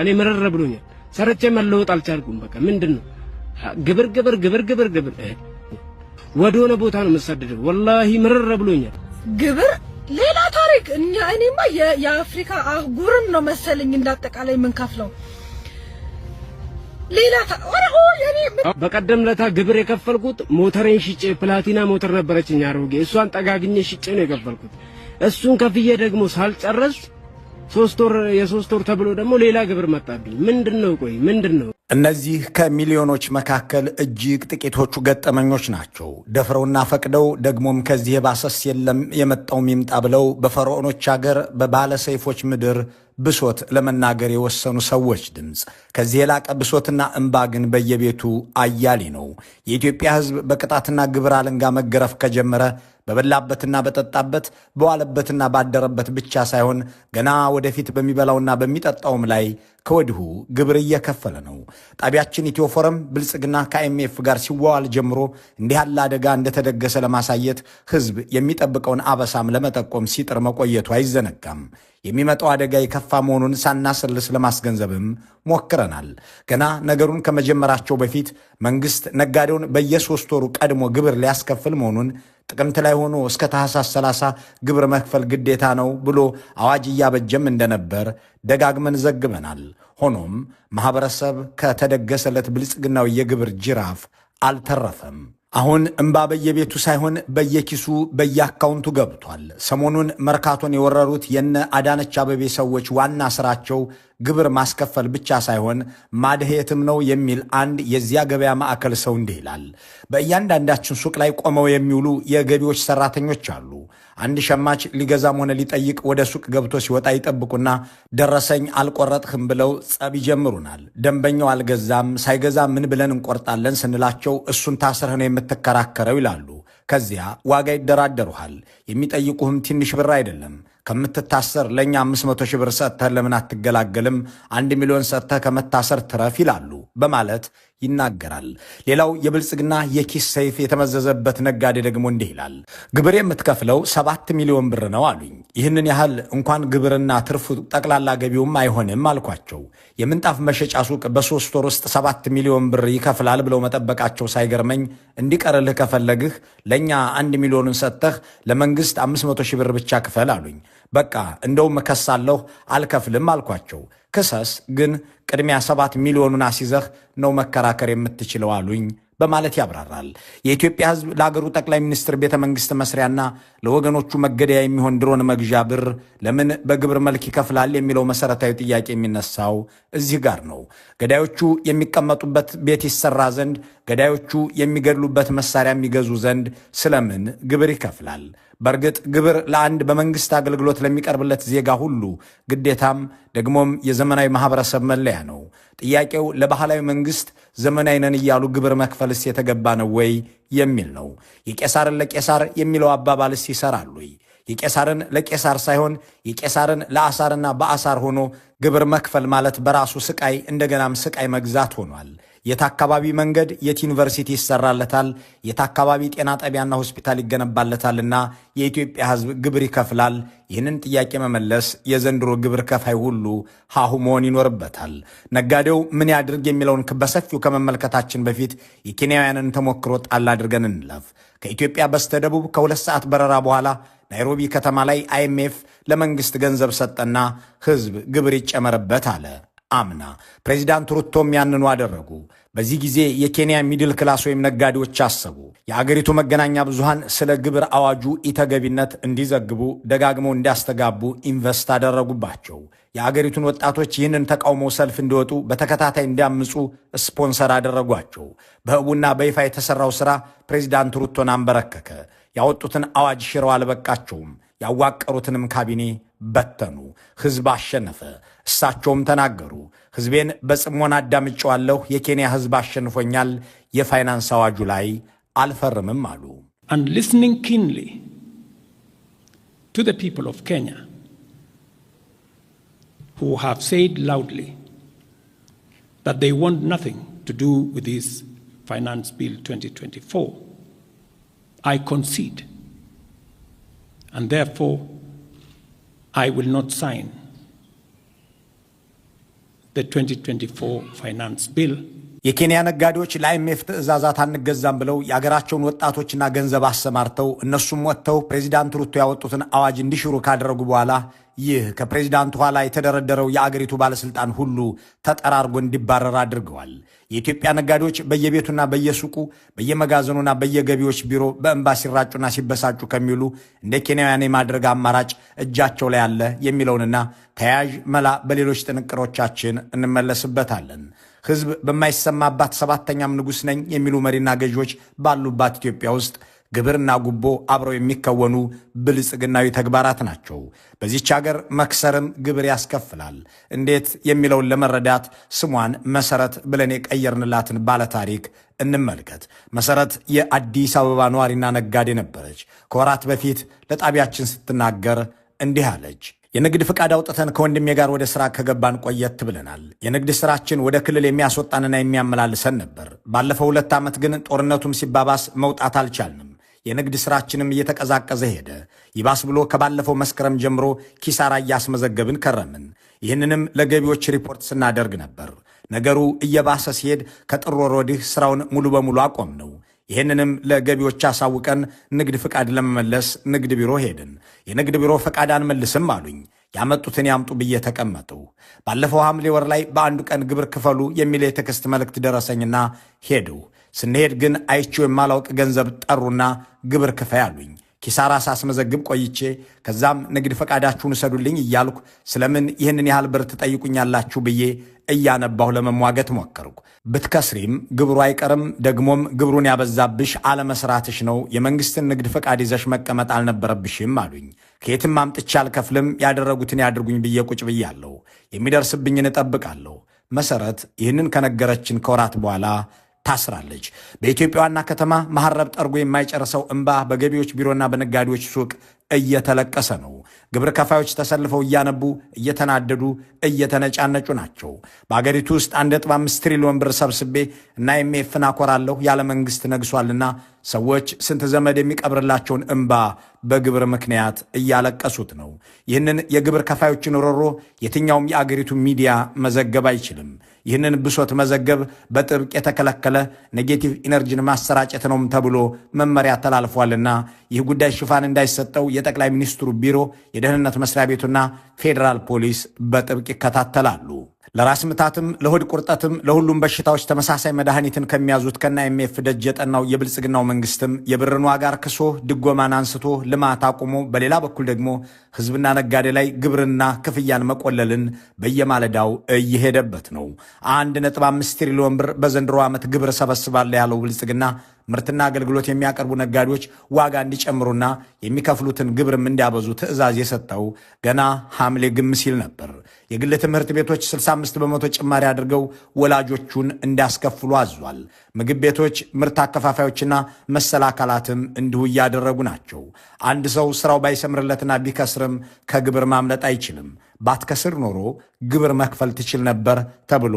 እኔ ምርር ብሎኛል። ሰርቼ መለወጥ አልቻልኩም። በቃ ምንድን ነው ግብር ግብር ግብር ግብር ግብር ወደሆነ ቦታ ነው የምሰደደው። ወላሂ ምርር ብሎኛል። ግብር ሌላ ታሪክ። እኛ እኔማ የአፍሪካ አህጉርን ነው መሰለኝ እንዳጠቃላይ የምንከፍለው በቀደም ለታ ግብር የከፈልኩት ሞተሬን ሽጬ ፕላቲና ሞተር ነበረችኝ አሮጌ፣ እሷን ጠጋግኜ ሽጬ ነው የከፈልኩት። እሱን ከፍዬ ደግሞ ሳልጨረስ ሶስት ወር የሶስት ወር ተብሎ ደግሞ ሌላ ግብር መጣብኝ። ምንድን ነው? ቆይ ምንድን ነው? እነዚህ ከሚሊዮኖች መካከል እጅግ ጥቂቶቹ ገጠመኞች ናቸው። ደፍረውና ፈቅደው ደግሞም ከዚህ የባሰስ የለም የመጣውም ይምጣ ብለው በፈርዖኖች አገር በባለሰይፎች ምድር ብሶት ለመናገር የወሰኑ ሰዎች ድምፅ። ከዚህ የላቀ ብሶትና እንባ ግን በየቤቱ አያሌ ነው። የኢትዮጵያ ሕዝብ በቅጣትና ግብር አለንጋ መገረፍ ከጀመረ በበላበትና በጠጣበት በዋለበትና ባደረበት ብቻ ሳይሆን ገና ወደፊት በሚበላውና በሚጠጣውም ላይ ከወዲሁ ግብር እየከፈለ ነው። ጣቢያችን ኢትዮ ፎረም ብልጽግና ከአይኤምኤፍ ጋር ሲዋዋል ጀምሮ እንዲህ ያለ አደጋ እንደተደገሰ ለማሳየት ህዝብ የሚጠብቀውን አበሳም ለመጠቆም ሲጥር መቆየቱ አይዘነጋም። የሚመጣው አደጋ የከፋ መሆኑን ሳናሰልስ ለማስገንዘብም ሞክረናል። ገና ነገሩን ከመጀመራቸው በፊት መንግስት ነጋዴውን በየሶስት ወሩ ቀድሞ ግብር ሊያስከፍል መሆኑን ጥቅምት ላይ ሆኖ እስከ ታህሳስ 30 ግብር መክፈል ግዴታ ነው ብሎ አዋጅ እያበጀም እንደነበር ደጋግመን ዘግበናል። ሆኖም ማኅበረሰብ ከተደገሰለት ብልጽግናው የግብር ጅራፍ አልተረፈም። አሁን እምባ በየቤቱ ሳይሆን በየኪሱ በየአካውንቱ ገብቷል። ሰሞኑን መርካቶን የወረሩት የነ አዳነች አበቤ ሰዎች ዋና ስራቸው ግብር ማስከፈል ብቻ ሳይሆን ማድሄትም ነው የሚል አንድ የዚያ ገበያ ማዕከል ሰው እንዲህ ይላል። በእያንዳንዳችን ሱቅ ላይ ቆመው የሚውሉ የገቢዎች ሰራተኞች አሉ። አንድ ሸማች ሊገዛም ሆነ ሊጠይቅ ወደ ሱቅ ገብቶ ሲወጣ ይጠብቁና ደረሰኝ አልቆረጥህም ብለው ጸብ ይጀምሩናል። ደንበኛው አልገዛም፣ ሳይገዛ ምን ብለን እንቆርጣለን ስንላቸው እሱን ታስርህ ነው የምትከራከረው ይላሉ። ከዚያ ዋጋ ይደራደሩሃል። የሚጠይቁህም ትንሽ ብር አይደለም። ከምትታሰር ለእኛ 500 መቶ ሺህ ብር ሰጥተህ ለምን አትገላገልም? አንድ ሚሊዮን ሰጥተህ ከመታሰር ትረፍ ይላሉ በማለት ይናገራል። ሌላው የብልጽግና የኪስ ሰይፍ የተመዘዘበት ነጋዴ ደግሞ እንዲህ ይላል። ግብር የምትከፍለው ሰባት ሚሊዮን ብር ነው አሉኝ። ይህንን ያህል እንኳን ግብርና ትርፉ ጠቅላላ ገቢውም አይሆንም አልኳቸው። የምንጣፍ መሸጫ ሱቅ በሶስት ወር ውስጥ ሰባት ሚሊዮን ብር ይከፍላል ብለው መጠበቃቸው ሳይገርመኝ እንዲቀርልህ ከፈለግህ ለእኛ አንድ ሚሊዮንን ሰጥተህ ለመንግስት አምስት መቶ ሺህ ብር ብቻ ክፈል አሉኝ። በቃ እንደውም እከሳለሁ አልከፍልም አልኳቸው። ክሰስ ግን ቅድሚያ ሰባት ሚሊዮኑን አስይዘህ ነው መከራከር የምትችለው አሉኝ በማለት ያብራራል። የኢትዮጵያ ሕዝብ ለአገሩ ጠቅላይ ሚኒስትር ቤተ መንግስት መስሪያና ለወገኖቹ መገደያ የሚሆን ድሮን መግዣ ብር ለምን በግብር መልክ ይከፍላል የሚለው መሰረታዊ ጥያቄ የሚነሳው እዚህ ጋር ነው። ገዳዮቹ የሚቀመጡበት ቤት ይሰራ ዘንድ፣ ገዳዮቹ የሚገድሉበት መሳሪያ የሚገዙ ዘንድ ስለምን ግብር ይከፍላል? በእርግጥ ግብር ለአንድ በመንግስት አገልግሎት ለሚቀርብለት ዜጋ ሁሉ ግዴታም ደግሞም የዘመናዊ ማህበረሰብ መለያ ነው። ጥያቄው ለባህላዊ መንግስት ዘመናዊ ነን እያሉ ግብር መክፈልስ የተገባ ነው ወይ የሚል ነው። የቄሳርን ለቄሳር የሚለው አባባልስ ይሰራሉ? የቄሳርን ለቄሳር ሳይሆን የቄሳርን ለአሳርና በአሳር ሆኖ ግብር መክፈል ማለት በራሱ ስቃይ እንደገናም ስቃይ መግዛት ሆኗል። የት አካባቢ መንገድ፣ የት ዩኒቨርሲቲ ይሰራለታል፣ የት አካባቢ ጤና ጣቢያና ሆስፒታል ይገነባለታልና የኢትዮጵያ ሕዝብ ግብር ይከፍላል። ይህንን ጥያቄ መመለስ የዘንድሮ ግብር ከፋይ ሁሉ ሀሁ መሆን ይኖርበታል። ነጋዴው ምን ያድርግ የሚለውን በሰፊው ከመመልከታችን በፊት የኬንያውያንን ተሞክሮ ጣል አድርገን እንለፍ። ከኢትዮጵያ በስተደቡብ ከሁለት ሰዓት በረራ በኋላ ናይሮቢ ከተማ ላይ አይኤምኤፍ ለመንግስት ገንዘብ ሰጠና ህዝብ ግብር ይጨመርበት አለ። አምና ፕሬዚዳንት ሩቶም ያንኑ አደረጉ። በዚህ ጊዜ የኬንያ ሚድል ክላስ ወይም ነጋዴዎች አሰቡ። የአገሪቱ መገናኛ ብዙሃን ስለ ግብር አዋጁ ኢተገቢነት እንዲዘግቡ ደጋግመው እንዲያስተጋቡ ኢንቨስት አደረጉባቸው። የአገሪቱን ወጣቶች ይህንን ተቃውሞ ሰልፍ እንዲወጡ በተከታታይ እንዲያምፁ ስፖንሰር አደረጓቸው። በእቡና በይፋ የተሠራው ሥራ ፕሬዚዳንት ሩቶን አንበረከከ። ያወጡትን አዋጅ ሽረው አልበቃቸውም። ያዋቀሩትንም ካቢኔ በተኑ። ህዝብ አሸነፈ። እሳቸውም ተናገሩ። ህዝቤን በጽሞና አዳምጨዋለሁ። የኬንያ ህዝብ አሸንፎኛል። የፋይናንስ አዋጁ ላይ አልፈርምም አሉ። and listening keenly to the people of Kenya who have said loudly that they want nothing to do with this Finance Bill 2024, I concede and therefore I will not sign the 2024 finance bill የኬንያ ነጋዴዎች ለአይኤምኤፍ ትዕዛዛት አንገዛም ብለው የአገራቸውን ወጣቶችና ገንዘብ አሰማርተው እነሱም ወጥተው ፕሬዚዳንት ሩቶ ያወጡትን አዋጅ እንዲሽሩ ካደረጉ በኋላ ይህ ከፕሬዚዳንቱ ኋላ የተደረደረው የአገሪቱ ባለስልጣን ሁሉ ተጠራርጎ እንዲባረር አድርገዋል። የኢትዮጵያ ነጋዴዎች በየቤቱና በየሱቁ በየመጋዘኑና በየገቢዎች ቢሮ በእንባ ሲራጩና ሲበሳጩ ከሚሉ እንደ ኬንያውያን የማድረግ አማራጭ እጃቸው ላይ አለ የሚለውንና ተያያዥ መላ በሌሎች ጥንቅሮቻችን እንመለስበታለን። ህዝብ በማይሰማባት ሰባተኛም ንጉሥ ነኝ የሚሉ መሪና ገዢዎች ባሉባት ኢትዮጵያ ውስጥ ግብርና ጉቦ አብረው የሚከወኑ ብልጽግናዊ ተግባራት ናቸው። በዚች አገር መክሰርም ግብር ያስከፍላል። እንዴት የሚለውን ለመረዳት ስሟን መሰረት ብለን የቀየርንላትን ባለታሪክ እንመልከት። መሰረት የአዲስ አበባ ነዋሪና ነጋዴ ነበረች። ከወራት በፊት ለጣቢያችን ስትናገር እንዲህ አለች። የንግድ ፍቃድ አውጥተን ከወንድሜ ጋር ወደ ስራ ከገባን ቆየት ብለናል። የንግድ ስራችን ወደ ክልል የሚያስወጣንና የሚያመላልሰን ነበር። ባለፈው ሁለት ዓመት ግን ጦርነቱም ሲባባስ መውጣት አልቻልንም። የንግድ ስራችንም እየተቀዛቀዘ ሄደ። ይባስ ብሎ ከባለፈው መስከረም ጀምሮ ኪሳራ እያስመዘገብን ከረምን። ይህንንም ለገቢዎች ሪፖርት ስናደርግ ነበር። ነገሩ እየባሰ ሲሄድ ከጥር ወዲህ ስራውን ሙሉ በሙሉ አቆም ነው። ይህንንም ለገቢዎች አሳውቀን ንግድ ፍቃድ ለመመለስ ንግድ ቢሮ ሄድን። የንግድ ቢሮ ፈቃድ አንመልስም አሉኝ። ያመጡትን ያምጡ ብዬ ተቀመጡ። ባለፈው ሐምሌ ወር ላይ በአንዱ ቀን ግብር ክፈሉ የሚል የትክስት መልእክት ደረሰኝና ሄዱ። ስንሄድ ግን አይቼው የማላውቅ ገንዘብ ጠሩና ግብር ክፈይ አሉኝ። ኪሳራ ሳስመዘግብ ቆይቼ ከዛም ንግድ ፈቃዳችሁን እሰዱልኝ እያልኩ ስለምን ይህንን ያህል ብር ትጠይቁኛላችሁ ብዬ እያነባሁ ለመሟገት ሞከርኩ። ብትከስሪም ግብሩ አይቀርም፣ ደግሞም ግብሩን ያበዛብሽ አለመስራትሽ ነው። የመንግስትን ንግድ ፈቃድ ይዘሽ መቀመጥ አልነበረብሽም አሉኝ። ከየትም አምጥቼ አልከፍልም፣ ያደረጉትን ያድርጉኝ ብዬ ቁጭ ብያለሁ። የሚደርስብኝን እጠብቃለሁ። መሰረት ይህንን ከነገረችን ከወራት በኋላ ታስራለች። በኢትዮጵያ ዋና ከተማ መሐረብ ጠርጎ የማይጨርሰው እንባ በገቢዎች ቢሮና በነጋዴዎች ሱቅ እየተለቀሰ ነው። ግብር ከፋዮች ተሰልፈው እያነቡ፣ እየተናደዱ፣ እየተነጫነጩ ናቸው። በአገሪቱ ውስጥ 1.5 ትሪሊዮን ብር ሰብስቤ እና ኤምኤፍን አኮራለሁ ያለ ነግሷልና ሰዎች ስንት ዘመድ የሚቀብርላቸውን እምባ በግብር ምክንያት እያለቀሱት ነው። ይህንን የግብር ከፋዮችን ሮሮ የትኛውም የአገሪቱ ሚዲያ መዘገብ አይችልም። ይህንን ብሶት መዘገብ በጥብቅ የተከለከለ ኔጌቲቭ ኢነርጂን ማሰራጨት ነውም ተብሎ መመሪያ ተላልፏልና ይህ ጉዳይ ሽፋን እንዳይሰጠው የጠቅላይ ሚኒስትሩ ቢሮ፣ የደህንነት መስሪያ ቤቱና ፌዴራል ፖሊስ በጥብቅ ይከታተላሉ። ለራስ ምታትም ለሆድ ቁርጠትም ለሁሉም በሽታዎች ተመሳሳይ መድኃኒትን ከሚያዙት ከና ኤምኤፍ ደጅ የጠናው የብልጽግናው መንግስትም የብርን ዋጋ አርክሶ ድጎማን አንስቶ ልማት አቁሞ በሌላ በኩል ደግሞ ህዝብና ነጋዴ ላይ ግብርና ክፍያን መቆለልን በየማለዳው እየሄደበት ነው። አንድ ነጥብ አምስት ትሪሊዮን ብር በዘንድሮ ዓመት ግብር ሰበስባለ ያለው ብልጽግና ምርትና አገልግሎት የሚያቀርቡ ነጋዴዎች ዋጋ እንዲጨምሩና የሚከፍሉትን ግብርም እንዲያበዙ ትዕዛዝ የሰጠው ገና ሐምሌ ግም ሲል ነበር። የግል ትምህርት ቤቶች 65 በመቶ ጭማሪ አድርገው ወላጆቹን እንዲያስከፍሉ አዟል። ምግብ ቤቶች፣ ምርት አከፋፋዮችና መሰል አካላትም እንዲሁ እያደረጉ ናቸው። አንድ ሰው ስራው ባይሰምርለትና ቢከስርም ከግብር ማምለጥ አይችልም። ባትከስር ኖሮ ግብር መክፈል ትችል ነበር ተብሎ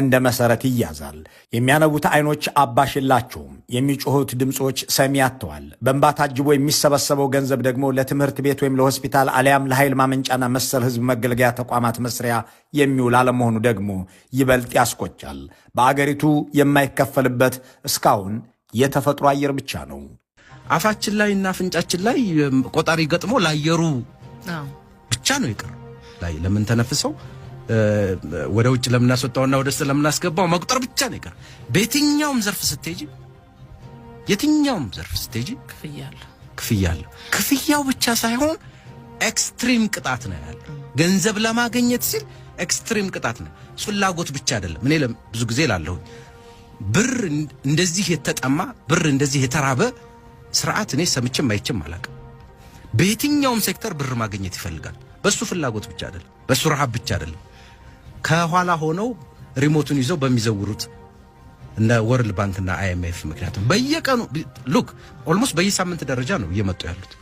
እንደ መሰረት ይያዛል። የሚያነቡት አይኖች አባሽ የላቸውም። የሚጮሁት ድምፆች ሰሚ አጥተዋል። በእንባ ታጅቦ የሚሰበሰበው ገንዘብ ደግሞ ለትምህርት ቤት ወይም ለሆስፒታል አሊያም ለኃይል ማመንጫና መሰል ህዝብ መገልገያ ተቋማት መስሪያ የሚውል አለመሆኑ ደግሞ ይበልጥ ያስቆጫል። በአገሪቱ የማይከፈልበት እስካሁን የተፈጥሮ አየር ብቻ ነው። አፋችን ላይ እና አፍንጫችን ላይ ቆጣሪ ገጥሞ ለአየሩ ብቻ ነው ይቀር ላይ ተነፍሰው ወደ ውጭ ለምናስወጣውና ወደ ውስጥ ለምናስገባው መቁጠር ብቻ ነው ይቀር። በየትኛውም ዘርፍ ስትሄጂ፣ የትኛውም ዘርፍ ስትሄጂ ክፍያ አለው። ክፍያው ብቻ ሳይሆን ኤክስትሪም ቅጣት ነው ያለ። ገንዘብ ለማግኘት ሲል ኤክስትሪም ቅጣት ነው። ፍላጎት ብቻ አይደለም። እኔ ብዙ ጊዜ ላለሁ ብር እንደዚህ የተጠማ ብር እንደዚህ የተራበ ስርዓት እኔ ሰምቼም አይቼም አላውቅም። በየትኛውም ሴክተር ብር ማግኘት ይፈልጋል። በሱ ፍላጎት ብቻ አይደለም፣ በሱ ረሃብ ብቻ አይደለም። ከኋላ ሆነው ሪሞቱን ይዘው በሚዘውሩት እነ ወርልድ ባንክ እና አይኤምኤፍ ምክንያቱም በየቀኑ ሉክ ኦልሞስት በየሳምንት ደረጃ ነው እየመጡ ያሉት።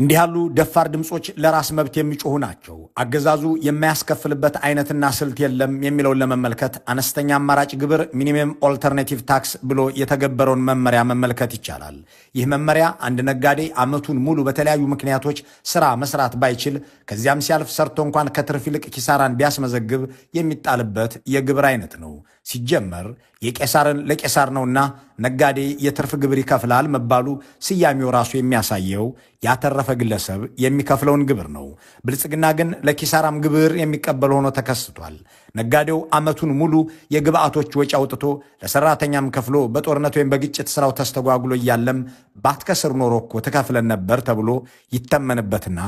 እንዲህ ያሉ ደፋር ድምፆች ለራስ መብት የሚጮሁ ናቸው። አገዛዙ የማያስከፍልበት አይነትና ስልት የለም የሚለውን ለመመልከት አነስተኛ አማራጭ ግብር ሚኒመም ኦልተርኔቲቭ ታክስ ብሎ የተገበረውን መመሪያ መመልከት ይቻላል። ይህ መመሪያ አንድ ነጋዴ አመቱን ሙሉ በተለያዩ ምክንያቶች ስራ መስራት ባይችል ከዚያም ሲያልፍ ሰርቶ እንኳን ከትርፍ ይልቅ ኪሳራን ቢያስመዘግብ የሚጣልበት የግብር አይነት ነው። ሲጀመር የቄሳርን ለቄሳር ነውና ነጋዴ የትርፍ ግብር ይከፍላል መባሉ ስያሜው ራሱ የሚያሳየው ያተረፈ ግለሰብ የሚከፍለውን ግብር ነው። ብልጽግና ግን ለኪሳራም ግብር የሚቀበል ሆኖ ተከስቷል። ነጋዴው ዓመቱን ሙሉ የግብአቶች ወጪ አውጥቶ ለሰራተኛም ከፍሎ በጦርነት ወይም በግጭት ስራው ተስተጓጉሎ እያለም ባትከስር ኖሮ እኮ ትከፍለን ነበር ተብሎ ይተመንበትና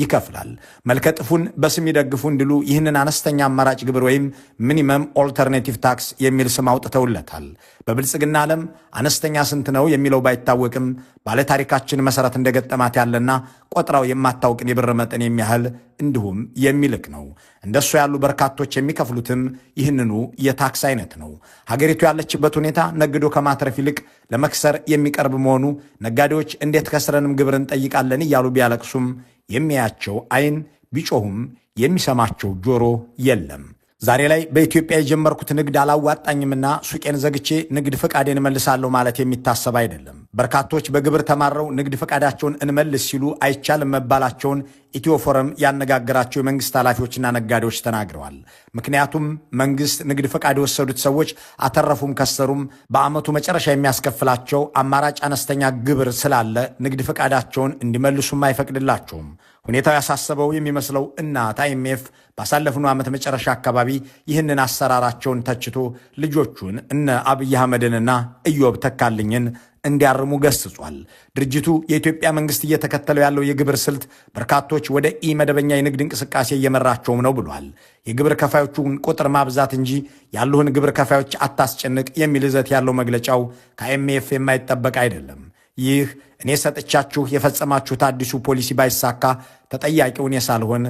ይከፍላል። መልከጥፉን በስም ይደግፉ እንዲሉ ይህንን አነስተኛ አማራጭ ግብር ወይም ሚኒመም ኦልተርኔቲቭ ታክስ የሚል ስም አውጥተውለታል። በብልጽግና ዓለም አነስተኛ ስንት ነው የሚለው ባይታወቅም ባለታሪካችን መሰረት እንደገጠማት ያለና ቆጥራው የማታውቅን የብር መጠን የሚያህል እንዲሁም የሚልክ ነው። እንደሱ ያሉ በርካቶች የሚከፍሉትም ይህንኑ የታክስ አይነት ነው። ሀገሪቱ ያለችበት ሁኔታ ነግዶ ከማትረፍ ይልቅ ለመክሰር የሚቀርብ መሆኑ ነጋዴዎች እንዴት ከስረንም ግብር እንጠይቃለን እያሉ ቢያለቅሱም የሚያያቸው አይን ቢጮሁም የሚሰማቸው ጆሮ የለም። ዛሬ ላይ በኢትዮጵያ የጀመርኩት ንግድ አላዋጣኝምና ሱቄን ዘግቼ ንግድ ፈቃዴን መልሳለሁ ማለት የሚታሰብ አይደለም። በርካቶች በግብር ተማረው ንግድ ፈቃዳቸውን እንመልስ ሲሉ አይቻልም መባላቸውን ኢትዮ ፎረም ያነጋገራቸው የመንግስት ኃላፊዎችና ነጋዴዎች ተናግረዋል። ምክንያቱም መንግስት ንግድ ፈቃድ የወሰዱት ሰዎች አተረፉም ከሰሩም በአመቱ መጨረሻ የሚያስከፍላቸው አማራጭ አነስተኛ ግብር ስላለ ንግድ ፈቃዳቸውን እንዲመልሱም አይፈቅድላቸውም። ሁኔታው ያሳሰበው የሚመስለው እናት አይኤምኤፍ ባሳለፍነው ዓመት መጨረሻ አካባቢ ይህንን አሰራራቸውን ተችቶ ልጆቹን እነ አብይ አህመድንና ኢዮብ ተካልኝን እንዲያርሙ ገስጿል። ድርጅቱ የኢትዮጵያ መንግስት እየተከተለው ያለው የግብር ስልት በርካቶች ወደ ኢ መደበኛ የንግድ እንቅስቃሴ እየመራቸውም ነው ብሏል። የግብር ከፋዮቹን ቁጥር ማብዛት እንጂ ያሉህን ግብር ከፋዮች አታስጨንቅ የሚል ይዘት ያለው መግለጫው ከአይኤምኤፍ የማይጠበቅ አይደለም። ይህ እኔ ሰጥቻችሁ የፈጸማችሁት አዲሱ ፖሊሲ ባይሳካ ተጠያቂው የሳልሆን ሳልሆን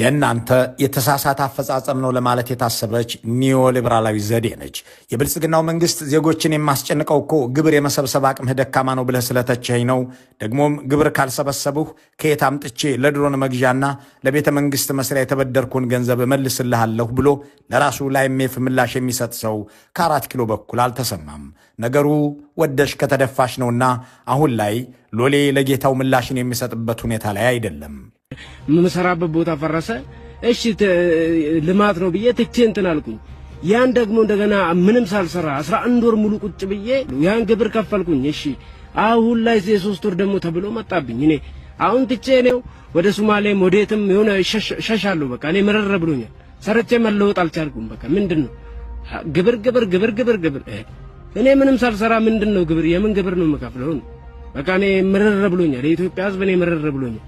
የእናንተ የተሳሳተ አፈጻጸም ነው ለማለት የታሰበች ኒዮሊበራላዊ ዘዴ ነች። የብልጽግናው መንግስት ዜጎችን የማስጨንቀው እኮ ግብር የመሰብሰብ አቅምህ ደካማ ነው ብለህ ስለተቸኝ ነው። ደግሞም ግብር ካልሰበሰብሁ ከየት አምጥቼ ለድሮን መግዣና ለቤተ መንግስት መስሪያ የተበደርኩን ገንዘብ እመልስልሃለሁ ብሎ ለራሱ ለአይኤምኤፍ ምላሽ የሚሰጥ ሰው ከአራት ኪሎ በኩል አልተሰማም። ነገሩ ወደሽ ከተደፋሽ ነውና አሁን ላይ ሎሌ ለጌታው ምላሽን የሚሰጥበት ሁኔታ ላይ አይደለም። የምሰራበት ቦታ ፈረሰ። እሺ ልማት ነው ብዬ ትቼ እንትን አልኩኝ። ያን ደግሞ እንደገና ምንም ሳልሰራ አስራ አንድ ወር ሙሉ ቁጭ ብዬ ያን ግብር ከፈልኩኝ። እሺ አሁን ላይ የሶስት ወር ደግሞ ተብሎ መጣብኝ። እኔ አሁን ትቼ ነው ወደ ሱማሌም ወዴትም የሆነ ሸሻለሁ። በቃ እኔ መረረ ብሎኛል። ሰርቼ መለወጥ አልቻልኩም። በቃ ምንድን ነው ግብር ግብር ግብር ግብር ግብር እኔ ምንም ሳልሰራ ምንድን ነው ግብር? የምን ግብር ነው የምከፍለው ነው በቃ እኔ ምርር ብሎኛል። የኢትዮጵያ ህዝብ እኔ ምርር ብሎኛል።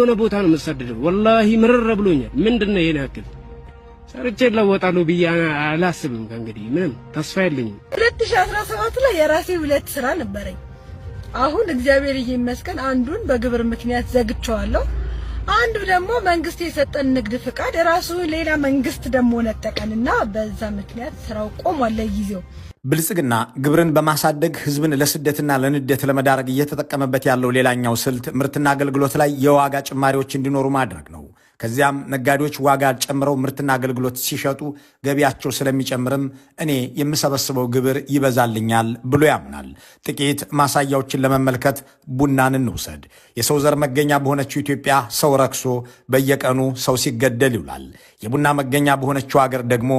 ሆነ ቦታ ነው የምሰደደው። ወላሂ ምርር ብሎኛል። ምንድነው ይሄን ያክል ሰርቼ ለወጣሉ ብዬ አላስብም። ከእንግዲህ ምንም ተስፋ የለኝም። 2017 ላይ የራሴ ሁለት ስራ ነበረኝ። አሁን እግዚአብሔር ይመስገን አንዱን በግብር ምክንያት ዘግቼዋለሁ። አንዱ ደግሞ መንግስት የሰጠን ንግድ ፍቃድ ራሱ ሌላ መንግስት ደግሞ ነጠቀንና በዛ ምክንያት ስራው ቆሟል ለጊዜው። ብልጽግና ግብርን በማሳደግ ህዝብን ለስደትና ለንደት ለመዳረግ እየተጠቀመበት ያለው ሌላኛው ስልት ምርትና አገልግሎት ላይ የዋጋ ጭማሪዎች እንዲኖሩ ማድረግ ነው። ከዚያም ነጋዴዎች ዋጋ ጨምረው ምርትና አገልግሎት ሲሸጡ ገቢያቸው ስለሚጨምርም እኔ የምሰበስበው ግብር ይበዛልኛል ብሎ ያምናል። ጥቂት ማሳያዎችን ለመመልከት ቡናን እንውሰድ። የሰው ዘር መገኛ በሆነችው ኢትዮጵያ ሰው ረክሶ በየቀኑ ሰው ሲገደል ይውላል። የቡና መገኛ በሆነችው አገር ደግሞ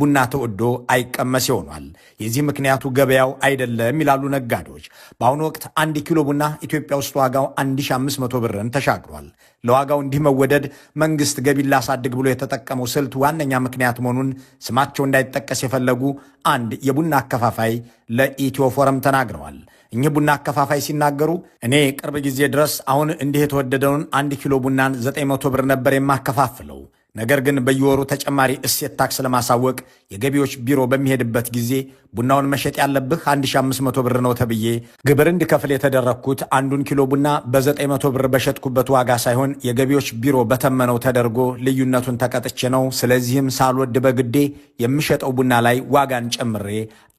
ቡና ተወዶ አይቀመስ ይሆኗል። የዚህ ምክንያቱ ገበያው አይደለም ይላሉ ነጋዴዎች። በአሁኑ ወቅት አንድ ኪሎ ቡና ኢትዮጵያ ውስጥ ዋጋው 1500 ብርን ተሻግሯል። ለዋጋው እንዲህ መወደድ መንግስት ገቢን ላሳድግ ብሎ የተጠቀመው ስልት ዋነኛ ምክንያት መሆኑን ስማቸው እንዳይጠቀስ የፈለጉ አንድ የቡና አከፋፋይ ለኢትዮ ፎረም ተናግረዋል። እኚህ ቡና አከፋፋይ ሲናገሩ እኔ ቅርብ ጊዜ ድረስ አሁን እንዲህ የተወደደውን አንድ ኪሎ ቡናን 900 ብር ነበር የማከፋፍለው ነገር ግን በየወሩ ተጨማሪ እሴት ታክስ ለማሳወቅ የገቢዎች ቢሮ በሚሄድበት ጊዜ ቡናውን መሸጥ ያለብህ 1500 ብር ነው ተብዬ ግብር እንዲከፍል የተደረግኩት አንዱን ኪሎ ቡና በ900 ብር በሸጥኩበት ዋጋ ሳይሆን የገቢዎች ቢሮ በተመነው ተደርጎ ልዩነቱን ተቀጥቼ ነው። ስለዚህም ሳልወድ በግዴ የምሸጠው ቡና ላይ ዋጋን ጨምሬ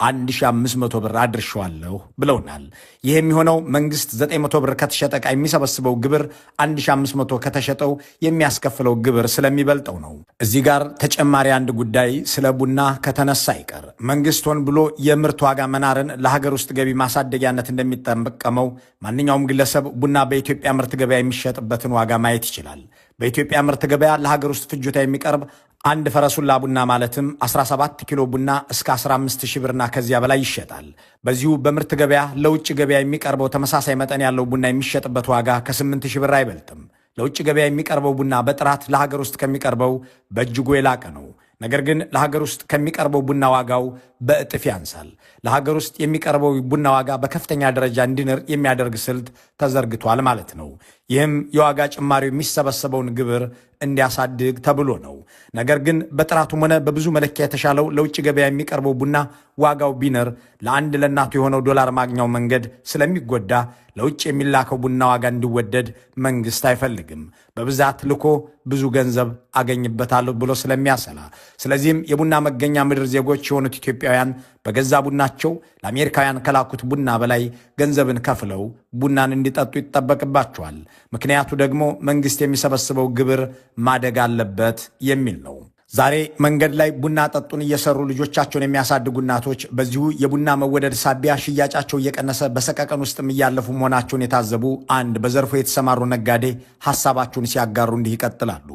1500 ብር አድርሸዋለሁ ብለውናል። ይህ የሚሆነው መንግስት 900 ብር ከተሸጠ ዕቃ የሚሰበስበው ግብር 1500 ከተሸጠው የሚያስከፍለው ግብር ስለሚበልጠው ነው። እዚህ ጋር ተጨማሪ አንድ ጉዳይ ስለ ቡና ከተነሳ አይቀር መንግስት ሆን ብሎ የምርት ዋጋ መናርን ለሀገር ውስጥ ገቢ ማሳደጊያነት እንደሚጠቀመው ማንኛውም ግለሰብ ቡና በኢትዮጵያ ምርት ገበያ የሚሸጥበትን ዋጋ ማየት ይችላል። በኢትዮጵያ ምርት ገበያ ለሀገር ውስጥ ፍጆታ የሚቀርብ አንድ ፈረሱላ ቡና ማለትም 17 ኪሎ ቡና እስከ 15 ሺህ ብርና ከዚያ በላይ ይሸጣል። በዚሁ በምርት ገበያ ለውጭ ገበያ የሚቀርበው ተመሳሳይ መጠን ያለው ቡና የሚሸጥበት ዋጋ ከ8 ሺህ ብር አይበልጥም። ለውጭ ገበያ የሚቀርበው ቡና በጥራት ለሀገር ውስጥ ከሚቀርበው በእጅጉ የላቀ ነው። ነገር ግን ለሀገር ውስጥ ከሚቀርበው ቡና ዋጋው በእጥፍ ያንሳል። ለሀገር ውስጥ የሚቀርበው ቡና ዋጋ በከፍተኛ ደረጃ እንዲንር የሚያደርግ ስልት ተዘርግቷል ማለት ነው። ይህም የዋጋ ጭማሪው የሚሰበሰበውን ግብር እንዲያሳድግ ተብሎ ነው። ነገር ግን በጥራቱም ሆነ በብዙ መለኪያ የተሻለው ለውጭ ገበያ የሚቀርበው ቡና ዋጋው ቢንር ለአንድ ለእናቱ የሆነው ዶላር ማግኛው መንገድ ስለሚጎዳ ለውጭ የሚላከው ቡና ዋጋ እንዲወደድ መንግስት አይፈልግም። በብዛት ልኮ ብዙ ገንዘብ አገኝበታለሁ ብሎ ስለሚያሰላ፣ ስለዚህም የቡና መገኛ ምድር ዜጎች የሆኑት ኢትዮጵያውያን በገዛ ቡናቸው ለአሜሪካውያን ከላኩት ቡና በላይ ገንዘብን ከፍለው ቡናን እንዲጠጡ ይጠበቅባቸዋል። ምክንያቱ ደግሞ መንግሥት የሚሰበስበው ግብር ማደግ አለበት የሚል ነው። ዛሬ መንገድ ላይ ቡና ጠጡን እየሰሩ ልጆቻቸውን የሚያሳድጉ እናቶች በዚሁ የቡና መወደድ ሳቢያ ሽያጫቸው እየቀነሰ በሰቀቀን ውስጥም እያለፉ መሆናቸውን የታዘቡ አንድ በዘርፉ የተሰማሩ ነጋዴ ሀሳባቸውን ሲያጋሩ እንዲህ ይቀጥላሉ።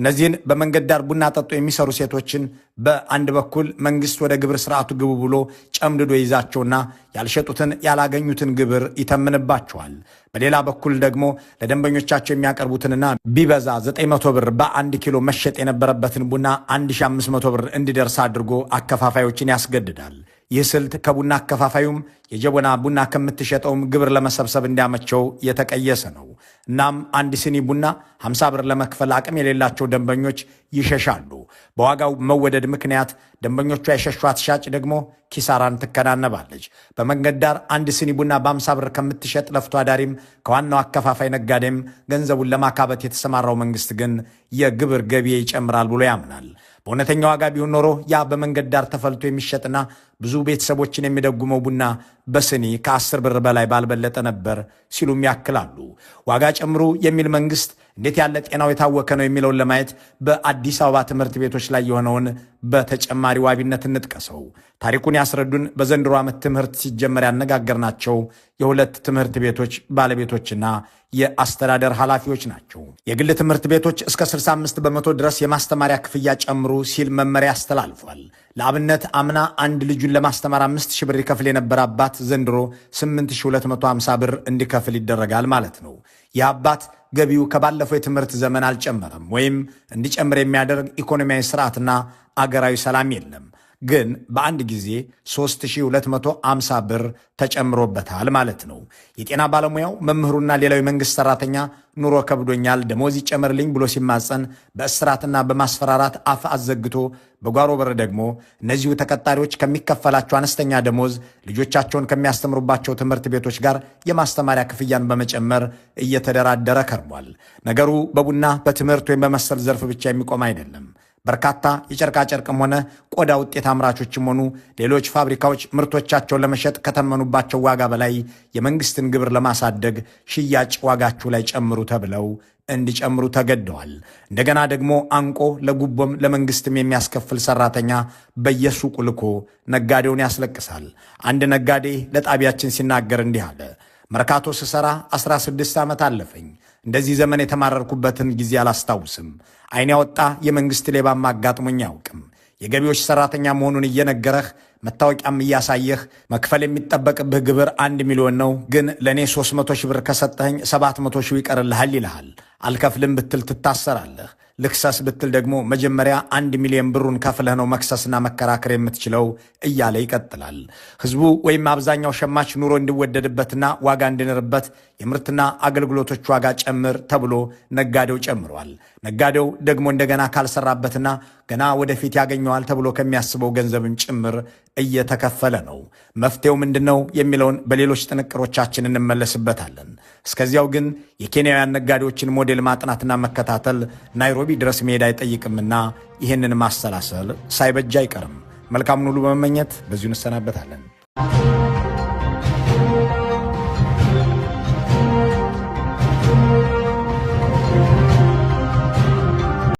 እነዚህን በመንገድ ዳር ቡና ጠጡ የሚሰሩ ሴቶችን በአንድ በኩል መንግስት ወደ ግብር ስርዓቱ ግቡ ብሎ ጨምድዶ ይዛቸውና ያልሸጡትን ያላገኙትን ግብር ይተምንባቸዋል። በሌላ በኩል ደግሞ ለደንበኞቻቸው የሚያቀርቡትንና ቢበዛ 900 ብር በአንድ ኪሎ መሸጥ የነበረበትን ቡና 1500 ብር እንዲደርስ አድርጎ አከፋፋዮችን ያስገድዳል። ይህ ስልት ከቡና አከፋፋዩም የጀቦና ቡና ከምትሸጠውም ግብር ለመሰብሰብ እንዲያመቸው የተቀየሰ ነው። እናም አንድ ስኒ ቡና 50 ብር ለመክፈል አቅም የሌላቸው ደንበኞች ይሸሻሉ። በዋጋው መወደድ ምክንያት ደንበኞቿ የሸሿት ሻጭ ደግሞ ኪሳራን ትከናነባለች። በመንገድ ዳር አንድ ስኒ ቡና በ50 ብር ከምትሸጥ ለፍቶ አዳሪም ከዋናው አከፋፋይ ነጋዴም ገንዘቡን ለማካበት የተሰማራው መንግስት ግን የግብር ገቢ ይጨምራል ብሎ ያምናል። በእውነተኛ ዋጋ ቢሆን ኖሮ ያ በመንገድ ዳር ተፈልቶ የሚሸጥና ብዙ ቤተሰቦችን የሚደጉመው ቡና በስኒ ከአስር ብር በላይ ባልበለጠ ነበር ሲሉም ያክላሉ። ዋጋ ጨምሩ የሚል መንግስት እንዴት ያለ ጤናው የታወከ ነው የሚለውን ለማየት በአዲስ አበባ ትምህርት ቤቶች ላይ የሆነውን በተጨማሪ ዋቢነት እንጥቀሰው። ታሪኩን ያስረዱን በዘንድሮ ዓመት ትምህርት ሲጀመር ያነጋገርናቸው የሁለት ትምህርት ቤቶች ባለቤቶችና የአስተዳደር ኃላፊዎች ናቸው። የግል ትምህርት ቤቶች እስከ 65 በመቶ ድረስ የማስተማሪያ ክፍያ ጨምሩ ሲል መመሪያ አስተላልፏል። ለአብነት አምና አንድ ልጁን ለማስተማር አምስት ሺህ ብር ይከፍል የነበረ አባት ዘንድሮ 8250 ብር እንዲከፍል ይደረጋል ማለት ነው። የአባት ገቢው ከባለፈው የትምህርት ዘመን አልጨመረም ወይም እንዲጨምር የሚያደርግ ኢኮኖሚያዊ ስርዓትና አገራዊ ሰላም የለም። ግን በአንድ ጊዜ 3250 ብር ተጨምሮበታል ማለት ነው። የጤና ባለሙያው መምህሩና ሌላው መንግስት ሰራተኛ ኑሮ ከብዶኛል ደሞዝ ይጨመርልኝ ብሎ ሲማጸን በእስራትና በማስፈራራት አፍ አዘግቶ በጓሮ በር ደግሞ እነዚሁ ተቀጣሪዎች ከሚከፈላቸው አነስተኛ ደሞዝ ልጆቻቸውን ከሚያስተምሩባቸው ትምህርት ቤቶች ጋር የማስተማሪያ ክፍያን በመጨመር እየተደራደረ ከርሟል። ነገሩ በቡና በትምህርት ወይም በመሰል ዘርፍ ብቻ የሚቆም አይደለም። በርካታ የጨርቃጨርቅም ሆነ ቆዳ ውጤት አምራቾችም ሆኑ ሌሎች ፋብሪካዎች ምርቶቻቸውን ለመሸጥ ከተመኑባቸው ዋጋ በላይ የመንግስትን ግብር ለማሳደግ ሽያጭ ዋጋችሁ ላይ ጨምሩ ተብለው እንዲጨምሩ ተገደዋል። እንደገና ደግሞ አንቆ ለጉቦም ለመንግስትም የሚያስከፍል ሰራተኛ በየሱቁ ልኮ ነጋዴውን ያስለቅሳል። አንድ ነጋዴ ለጣቢያችን ሲናገር እንዲህ አለ። መርካቶ ስሰራ 16 ዓመት አለፈኝ። እንደዚህ ዘመን የተማረርኩበትን ጊዜ አላስታውስም። ዓይን ያወጣ የመንግስት ሌባም አጋጥሞኝ አያውቅም። የገቢዎች ሰራተኛ መሆኑን እየነገረህ መታወቂያም እያሳየህ መክፈል የሚጠበቅብህ ግብር አንድ ሚሊዮን ነው፣ ግን ለእኔ 300 ሺህ ብር ከሰጠኸኝ 700 ሺህ ይቀርልሃል ይልሃል። አልከፍልም ብትል ትታሰራለህ። ልክሰስ ብትል ደግሞ መጀመሪያ አንድ ሚሊዮን ብሩን ከፍለህ ነው መክሰስና መከራከር የምትችለው እያለ ይቀጥላል። ህዝቡ ወይም አብዛኛው ሸማች ኑሮ እንዲወደድበትና ዋጋ እንዲንርበት የምርትና አገልግሎቶች ዋጋ ጨምር ተብሎ ነጋዴው ጨምሯል። ነጋዴው ደግሞ እንደገና ካልሰራበትና ገና ወደፊት ያገኘዋል ተብሎ ከሚያስበው ገንዘብም ጭምር እየተከፈለ ነው። መፍትሄው ምንድነው የሚለውን በሌሎች ጥንቅሮቻችን እንመለስበታለን። እስከዚያው ግን የኬንያውያን ነጋዴዎችን ሞዴል ማጥናትና መከታተል ናይሮቢ ድረስ መሄድ አይጠይቅምና ይህንን ማሰላሰል ሳይበጃ አይቀርም። መልካሙን ሁሉ በመመኘት በዚሁ እንሰናበታለን።